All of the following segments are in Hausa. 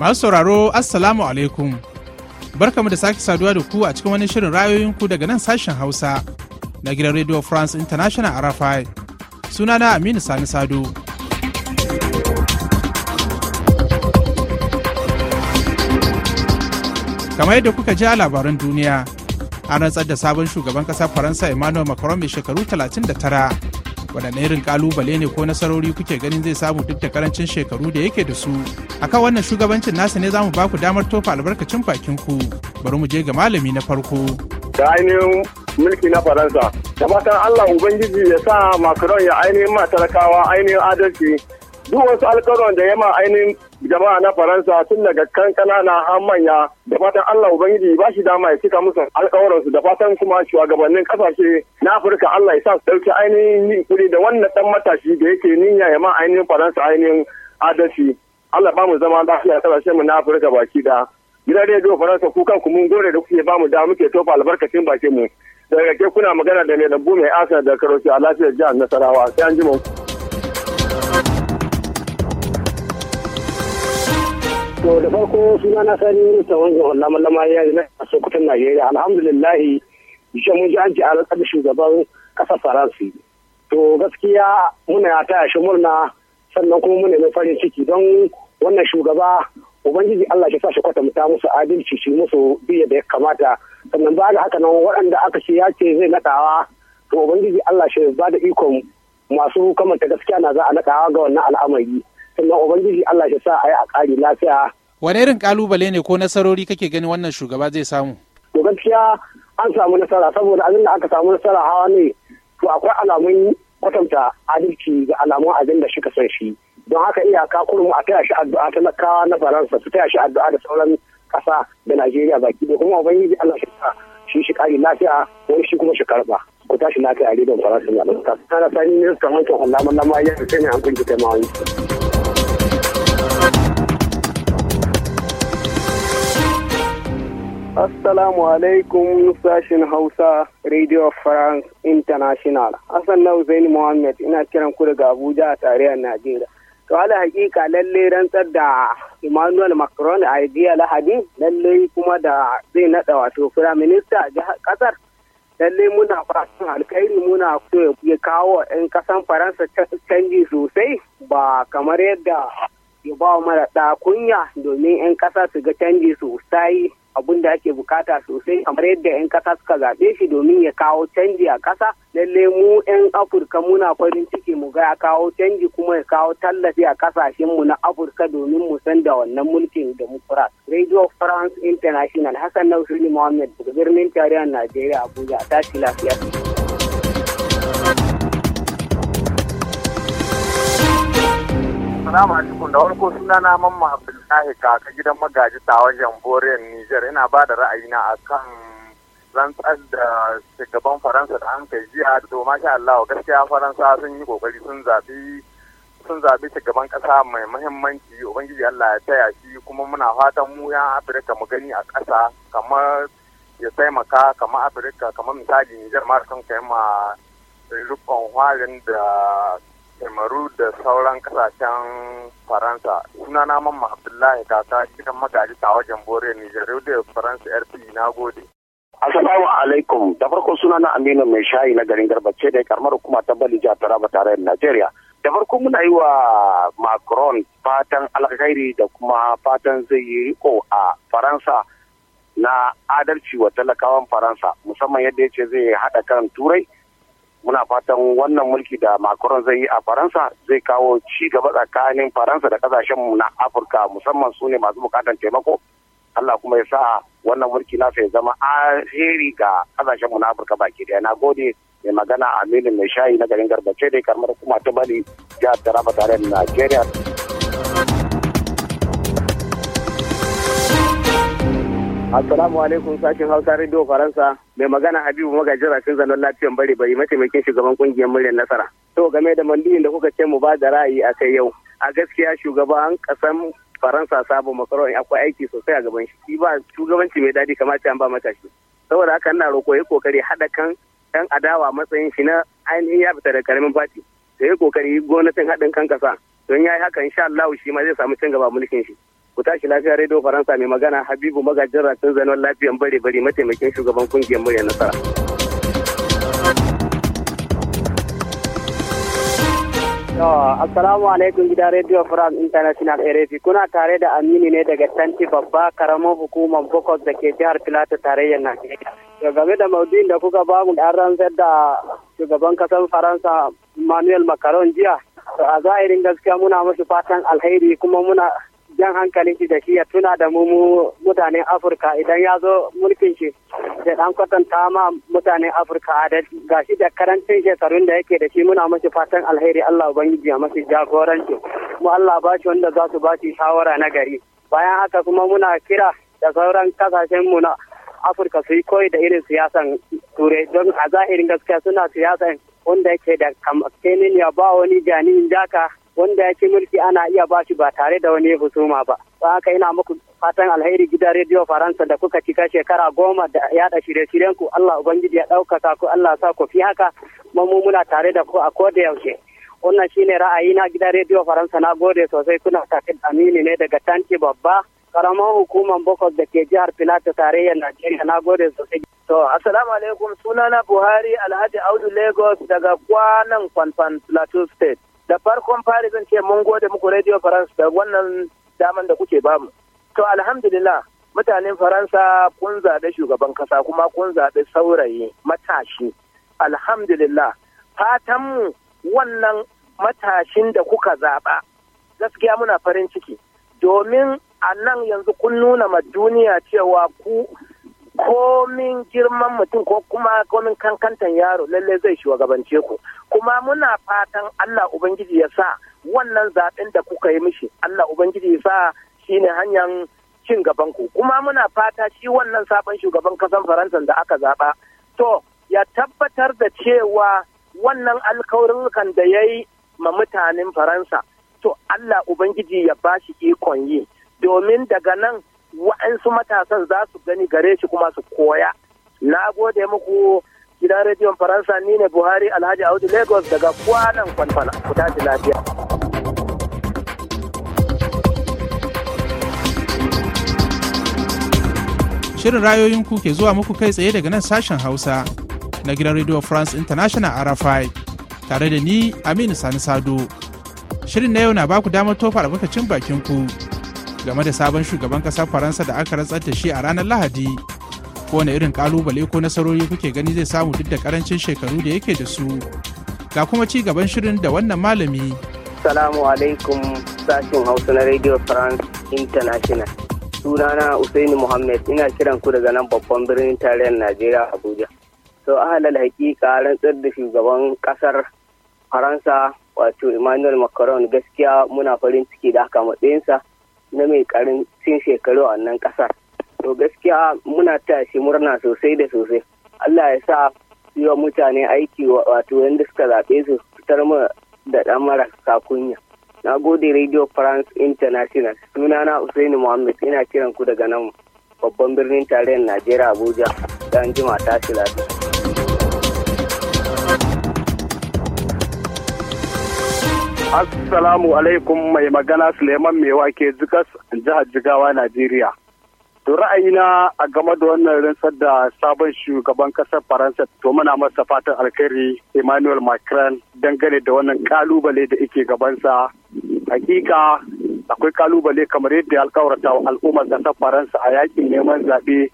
Masu sauraro Assalamu alaikum. Barkamu da sake saduwa da ku a cikin wani shirin rayoyinku daga nan sashen Hausa na gidan Radio France International Arafai. na Aminu Sani Sado. Kamar yadda kuka ji a labaran duniya, an rantsar da sabon shugaban ƙasar Faransa Emmanuel Macron mai shekaru 39 waɗanne irin kalubale ne ko nasarori kuke ganin zai samu duk da karancin shekaru da yake da su akan wannan shugabancin nasa ne zamu baku damar tofa albarkacin bakin ku bari mu je ga malami na farko da ainihin mulki na faransa da fatan allah ubangiji ya sa macron ya ainihin matalakawa ainihin adalci duk wasu alkaron da ya ma ainihin jama'a na Faransa tun daga kan kanana har manya da fatan Allah Ubangiji ba shi dama ya cika musu alkawarinsu da fatan kuma shugabannin kasashe na Afirka Allah ya sa su ɗauki ainihin kuri da wannan ɗan matashi da yake niyya ya ma ainihin Faransa ainihin adalci. Allah ba mu zama lafiya ƙasashen mu na Afirka baki da. Gidan rediyo Faransa ku kanku mun gore da kuke ba mu da muke tofa albarkacin bakin mu. Daga ke kuna magana da mai lambu mai asa da karoshi a lafiyar jihar Nasarawa sai an ji mu. To da farko suna na sani ta wanzan Allah mallama ya yi na sokutan Najeriya alhamdulillahi jishe mun ji an ji alaƙar shugaban ƙasar Faransi. To gaskiya muna ta shi murna sannan kuma muna mai farin ciki don wannan shugaba Ubangiji Allah shi sa shi kwatanta musu adalci shi musu biya da ya kamata sannan ba da haka nan waɗanda aka ce ya ce zai naɗawa to Ubangiji Allah shi ba da ikon masu kamanta gaskiya na za a naɗawa ga wannan al'amari. sannan ubangiji Allah ya sa a yi a ƙari lafiya. Wane irin kalubale ne ko nasarori kake ganin wannan shugaba zai samu? To gaskiya an samu nasara saboda abin da aka samu nasara hawa ne to akwai alamun kwatanta adalci ga alamun abin da suka san shi don haka iyaka kurum a taya shi addu'a talakawa na faransa su taya shi addu'a da sauran ƙasa da najeriya baki da kuma ubangiji allah shi sa shi shi ƙari lafiya ko shi kuma shi karɓa ku tashi lafiya a rediyon faransa a na sani ne su kamar kyan allah mallama da sai ne an kunji taimawa Assalamu alaikum Sashen Hausa Radio France International. Hassan Lau Zaini Mohammed ina kiran ku daga Abuja a tarayyar Najeriya. To ala hakika lalle rantsar da Emmanuel Macron a jiya Lahadi lalle kuma da zai nada wato Prime Minister a kasar. Lalle muna fatan alkhairi muna so ya kawo 'yan kasan Faransa canji sosai ba kamar yadda ya ba mara kunya domin 'yan ƙasa su ga canji sosai abun da ake bukata sosai kamar yadda 'yan kasa suka zaɓe shi domin ya kawo canji a kasa lalle mu 'yan afirka muna farin ciki mu ga ya kawo canji kuma ya kawo tallafi a kasashenmu na afirka domin mu san da wannan mulkin democrat radio france international hassan nausuri muhammad daga birnin tarayyar najeriya abuja a tashi lafiya Assalamu alaikum da farko suna na mamma Abdullahi kaka gidan magaji ta wajen boren Nijar ina ba da ra'ayi ra'ayina kan rantsar da shugaban Faransa da an kai jiya to masha Allah gaskiya Faransa sun yi kokari sun zabi sun zabi shugaban kasa mai muhimmanci ubangiji Allah ya taya shi kuma muna fatan mu yan Afirka mu gani a ƙasa kamar ya taimaka kamar Afirka kamar misali Nijar ma kan kai ma rukun da kemaru da sauran kasashen faransa sunana mamma abdullahi kaka cikin magaji ta wajen bore nijar da faransa rp na gode Assalamu alaikum da farko sunana Aminu mai shayi na garin Garbace da karmar hukuma ta Balija Taraba tarayyar Najeriya. Da farko muna yi wa Macron fatan alkhairi da kuma fatan zai yi riko a Faransa na adalci wa talakawan Faransa musamman yadda ya ce zai hada kan Turai muna fatan wannan mulki da Macron zai yi a Faransa zai kawo ci gaba tsakanin Faransa da kasashen mu na Afirka musamman su ne masu bukatan taimako. Allah kuma ya sa wannan mulki nasa ya zama alheri ga kasashen mu na Afirka baki daya. Na gode mai magana Aminu mai shayi na garin Garbace dai karmar kuma ta Bali jihar Taraba tare da nigeria. Assalamu alaikum sashen Hausa Radio Faransa mai magana Habibu magajin rafin zanen lafiyan bari bari mataimakin shugaban kungiyar muryar nasara. To game da mandiyin da kuka ce mu ba da ra'ayi a kai yau. A gaskiya shugaban kasan Faransa sabo Macron akwai aiki sosai a gaban shi. Shi ba shugabanci mai daɗi kamata an ba shi. Saboda haka ina roƙo ya kokari haɗa kan ɗan adawa matsayin shi na ainihin ya fita da karamin fati. Da ya kokari gwamnatin haɗin kan kasa. Don ya yi haka insha Allah shi ma zai samu cin gaba mulkin shi. ku tashi lafiya radio faransa mai magana habibu magajin ratun zanen lafiyan bare bare mataimakin shugaban kungiyar murya nasara Assalamu alaikum gidan Radio France International RFI kuna tare da Aminu ne daga Tanti babba karamar hukumar Bokos da ke jihar Filato tarayyar Najeriya. game da maudin da kuka bamu dan rantsar da shugaban kasar Faransa manuel Macron jiya. To a zahirin gaskiya muna masu fatan alheri kuma muna jan hankalin shi da shi ya tuna da mu mutanen afirka idan ya zo mulkin shi da dan kwatanta ma mutanen afirka adalci gashi da karancin shekarun da yake da shi muna mashi fatan alheri allah ubangiji ya masu jagoranci mu allah ba shi wanda za su ba shi shawara na gari bayan haka kuma muna kira da sauran kasashen mu na afirka su yi koyi da irin siyasan turai don a zahirin gaskiya suna siyasan wanda yake da kamar ya ba wani jani jaka wanda yake mulki ana iya ba shi ba tare da wani husuma ba ba haka ina muku fatan alheri gidan rediyo faransa da kuka cika shekara goma da yada shirye-shiryen ku allah ubangiji ya ɗaukaka ku allah sa ku fi haka mu muna tare da ku a koda yaushe wannan shine ra'ayi na gidan rediyo faransa na gode sosai kuna tafi amini ne daga tanti babba karamar hukumar bokos da ke jihar filato tarayyar najeriya na gode sosai to assalamu alaikum sunana buhari alhaji audu lagos daga kwanan kwanfan plateau state da farkon fari zan ce mun gode muku radio France da wannan daman da kuke bamu to alhamdulillah mutanen faransa kun zaɓe shugaban kasa kuma kun zaɓe saurayi matashi alhamdulillah fatanmu wannan matashin da kuka zaɓa gaskiya muna farin ciki domin a nan yanzu kun nuna ma duniya cewa ku komin girman mutum ko kuma komin kankantan yaro lallai zai shugabance ku kuma muna fatan Allah ubangiji ya sa wannan zaɓen da kuka yi mishi Allah ubangiji ya sa shine hanyar cin gaban ku kuma muna fata shi wannan sabon shugaban kasan faransa da aka zaɓa to ya tabbatar da cewa wannan alkawarin da ya yi ma mutanen faransa to Allah ubangiji ya bashi ikon yi domin daga nan wa'ansu matasan za su gani gare shi kuma su koya na gode muku gidan rediyon faransa ni ne buhari alhaji audu lagos daga kwanan kwanfana ku tashi lafiya Shirin rayoyin ku ke zuwa muku kai tsaye daga nan sashen Hausa na gidan Radio France International RFI tare da ni Aminu Sani Sado. Shirin na yau na baku damar tofa albarkacin bakin ku game da sabon shugaban ƙasar faransa da aka rantsar da shi a ranar lahadi kowane irin kalubale ko nasarori kuke gani zai samu duk da karancin shekaru da yake da su ga kuma ci gaban shirin da wannan malami salamu alaikum sashin hausa na radio france international sunana usaini muhammad ina kiran ku daga nan babban birnin tarayyar najeriya abuja so ahalal hakika rantsar da shugaban kasar faransa wato emmanuel macron gaskiya muna farin ciki da haka matsayinsa na mai cin shekaru a nan kasa to gaskiya muna tashi shi murna sosai da sosai Allah ya sa yi wa mutane aiki wato yadda suka zaɓe su fitar mu da ɗan marasa kunya. Na gode Radio France International na Usaini Muhammad ina kiran ku daga nan babban birnin tarayyar Najeriya Abuja dan jima shi lafiya. Assalamu alaikum mai magana Suleiman Mewa ke jikas jihar Jigawa, Najeriya. To ra'ayina a game da wannan rinsar da sabon shugaban kasar Faransa to muna masa fatan alkhairi Emmanuel Macron dangane da wannan kalubale da yake gabansa. Hakika akwai kalubale kamar yadda alkawarta wa al'ummar kasar Faransa a yakin neman zaɓe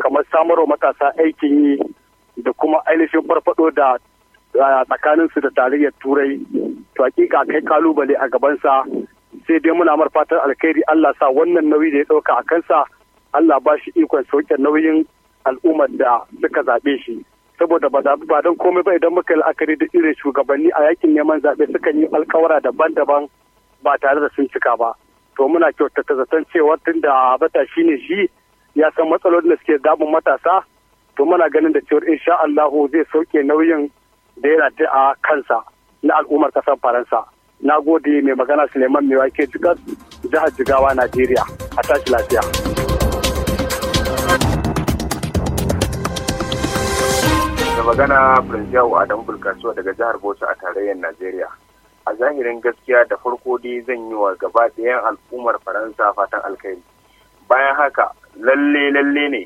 kamar samarwa matasa aikin yi da kuma ainihin farfado da tsakaninsu da tarayyar turai to hakika kai kalubale a gabansa sai dai muna mar fatan alkhairi Allah sa wannan nauyi da ya dauka a kansa Allah ba shi ikon sauke nauyin al'ummar da suka zaɓe shi saboda ba ba don komai ba idan muka la'akari da irin shugabanni a yakin neman zaɓe sukan yi alkawara daban-daban ba tare da sun cika ba to muna kyautata zaton cewa tun da shi ne shi ya san matsalolin da suke damun matasa to muna ganin da cewa insha Allah zai sauke nauyin da yana da a kansa na al'ummar kasar faransa na gode mai magana suleiman mai wake jigas jihar jigawa najeriya a tashi lafiya da magana prince yawo adamu bulkasuwa daga jihar bauchi a tarayyar najeriya a zahirin gaskiya da farko dai zan yi wa gaba ɗayan al'ummar faransa fatan alkhairi bayan haka lalle lalle ne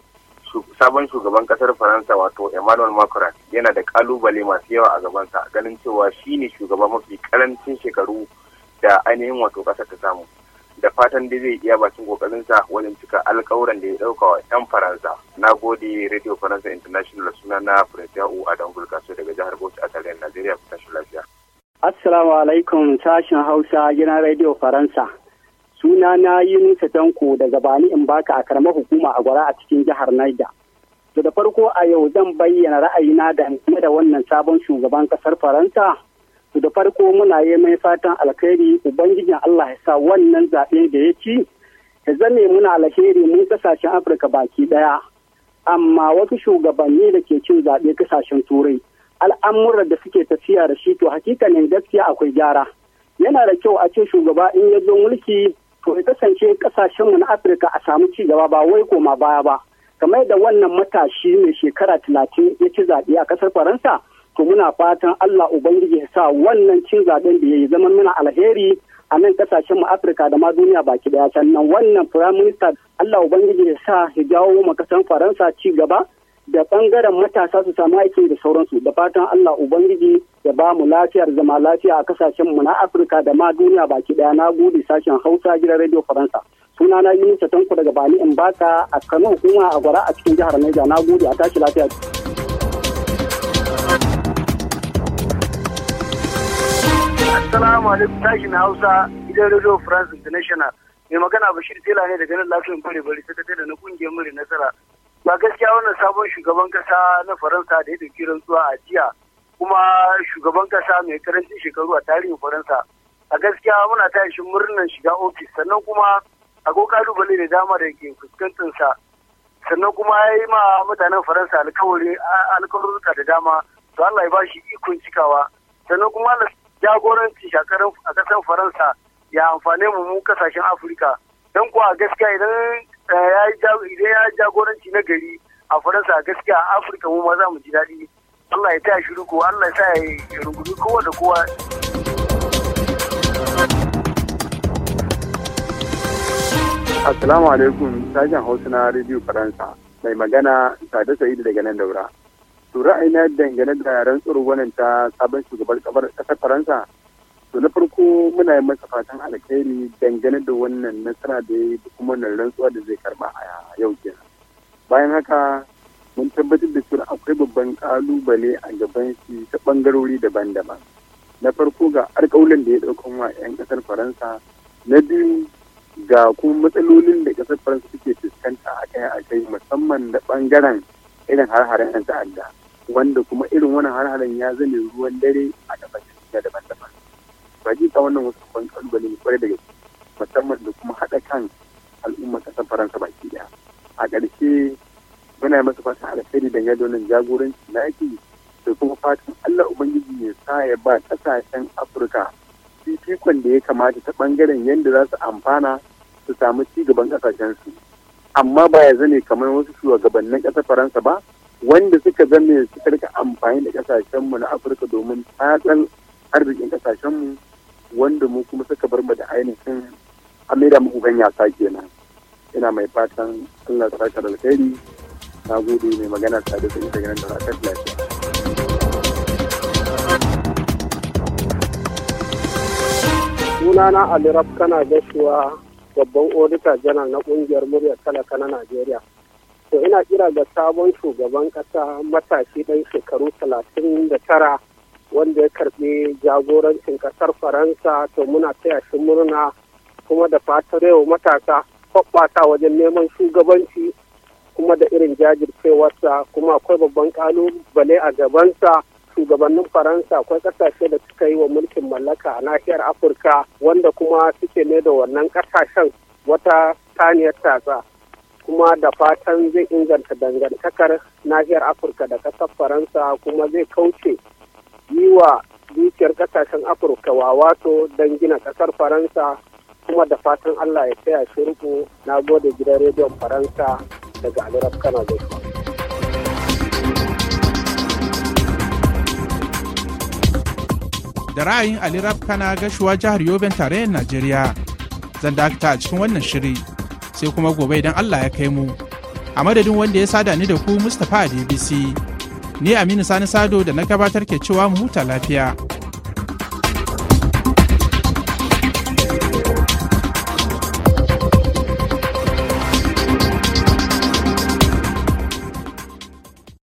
sabon shugaban kasar faransa wato emmanuel macron yana da kalubale masu yawa a gabansa ganin cewa shi ne shugaba mafi karancin shekaru da ainihin wato kasar ta samu da fatan da zai iya bakin kokarinsa wajen cika alkawuran da ya dauka wa yan faransa na gode radio faransa international suna na prince ya'u adam gulkaso daga jihar bauchi a tarayyar najeriya ku tashi lafiya assalamu alaikum sashen hausa gina radio faransa suna na yi nusa tanko daga bani in baka a karamar hukuma a gwara a cikin jihar niger to da farko a yau zan bayyana ra'ayina da game da wannan sabon shugaban kasar faransa to da farko muna yi mai fatan alkhairi ubangijin allah ya sa wannan zaɓe da ya ci ya zame muna alheri mun kasashen afirka baki ɗaya? amma wasu shugabanni da ke cin zaɓe kasashen turai al'amuran da suke tafiya da shi to hakikanin gaskiya akwai gyara yana da kyau a ce shugaba in ya zo mulki to ya kasance kasashenmu na afirka a samu ci gaba ba wai koma baya ba kamar da wannan matashi mai shekara talatin ya ci zaɓe a ƙasar faransa to muna fatan allah ubangiji ya sa wannan cin zaɓen da ya yi zaman muna alheri a nan kasashen mu afirka da ma duniya baki daya sannan wannan prime minista allah ubangiji ya sa ya jawo ma kasan faransa ci gaba da bangaren matasa su samu aikin da sauransu da fatan allah ubangiji ya ba mu lafiyar zama lafiya a kasashen mu na Afirka da ma duniya baki daya na gode sashen Hausa gidan Radio Faransa suna na yi ta Tanko daga Bani in baka a Kano kuma a Gwara a cikin jihar Niger na gode a tashi lafiya Assalamu alaikum na Hausa gidan Radio France International mai magana Bashir Tela ne daga nan lafiyan bare bare sakatare na kungiyar muri nasara ba gaskiya wannan sabon shugaban kasa na Faransa da ya dauki rantsuwa a jiya kuma shugaban kasa mai karancin shekaru a tarihin faransa a gaskiya muna ta shi murnar shiga ofis sannan kuma akwai kalubale da dama da ke fuskantarsa sannan kuma ya yi ma mutanen faransa alkawari alkawarruka da dama to allah ya ba shi ikon cikawa sannan kuma na jagoranci a kasan faransa ya amfane mu mu kasashen afirka don kuwa gaskiya idan eh, ya jagoranci na gari a faransa gaskiya a afirka mu ma za mu ji daɗi Allah ya tashi riko Allah ya sa ya kowa da kowa Assalamu alaikum sashen Hausa na Radio Faransa mai magana Sada Sa'idu daga nan daura. To ra'ayina dangane da rantsuwar wannan ta sabon shugaban kasar Faransa to na farko muna yi masa fatan alkhairi dangane da wannan nasara da ya yi da kuma wannan rantsuwa da zai karba a yau kenan. Bayan haka mun tabbatar da cewa akwai babban kalubale a gaban shi ta bangarori daban-daban na farko ga alƙawalin da ya ɗaukan wa 'yan ƙasar faransa na biyu ga kuma matsalolin da ƙasar faransa suke fuskanta a kai a kai musamman da bangaren irin har-haren 'yan ta'adda wanda kuma irin wannan har-haren ya zane ruwan dare a ƙasashen da daban-daban ba ji ta wannan wasu kwan kalubale ne kwarai da gaske musamman da kuma haɗa kan al'ummar ƙasar faransa baki ɗaya a ƙarshe muna masa fatan alheri da yadonin jagoranci na ake da kuma fatan Allah Ubangiji ya sa ya ba ƙasashen Afirka fifikon da ya kamata ta bangaren yadda za su amfana su samu ci gaban ƙasashensu. Amma ba ya zane kamar wasu shugabannin kasa Faransa ba, wanda suka zame su karka amfani da ƙasashenmu na Afirka domin tatsal arzikin ƙasashenmu wanda mu kuma suka bar mu da ainihin amira mu uban yasa kenan. Ina mai fatan Allah ya saka alkhairi. na gode mai magana da sun ita da ratar lafiya. sunana Ali rafkana kana babban odita janar na kungiyar muryar talaka na Najeriya. To ina kira ga sabon shugaban kasa matashi ɗan shekaru talatin da tara wanda ya karɓi jagorancin ƙasar Faransa to muna taya shi murna kuma da fatar yau matasa hoɓɓata wajen neman shugabanci kuma da irin jajircewarsa kuma akwai babban kalubale a gabansa shugabannin faransa akwai kasashe da suka yi wa mulkin mallaka a nahiyar afirka wanda kuma suke ne da wannan kasashen wata taniyar tatsa kuma da fatan zai inganta dangantakar nahiyar afirka da kasar faransa kuma zai kauce yi wa dukiyar kasashen afirka wawato don gina kasar faransa kuma da fatan allah ya taya shirku na gode gidan rediyon faransa daga Da ra'ayin Ali Rafkana gashuwa jihar Yoben tarayyar Najeriya zan dakata a cikin wannan shiri sai kuma gobe idan Allah ya kai mu. A madadin wanda ya sada ni da ku Mustapha a DBC. Ni Aminu Sani Sado da na gabatar ke cewa mu huta lafiya.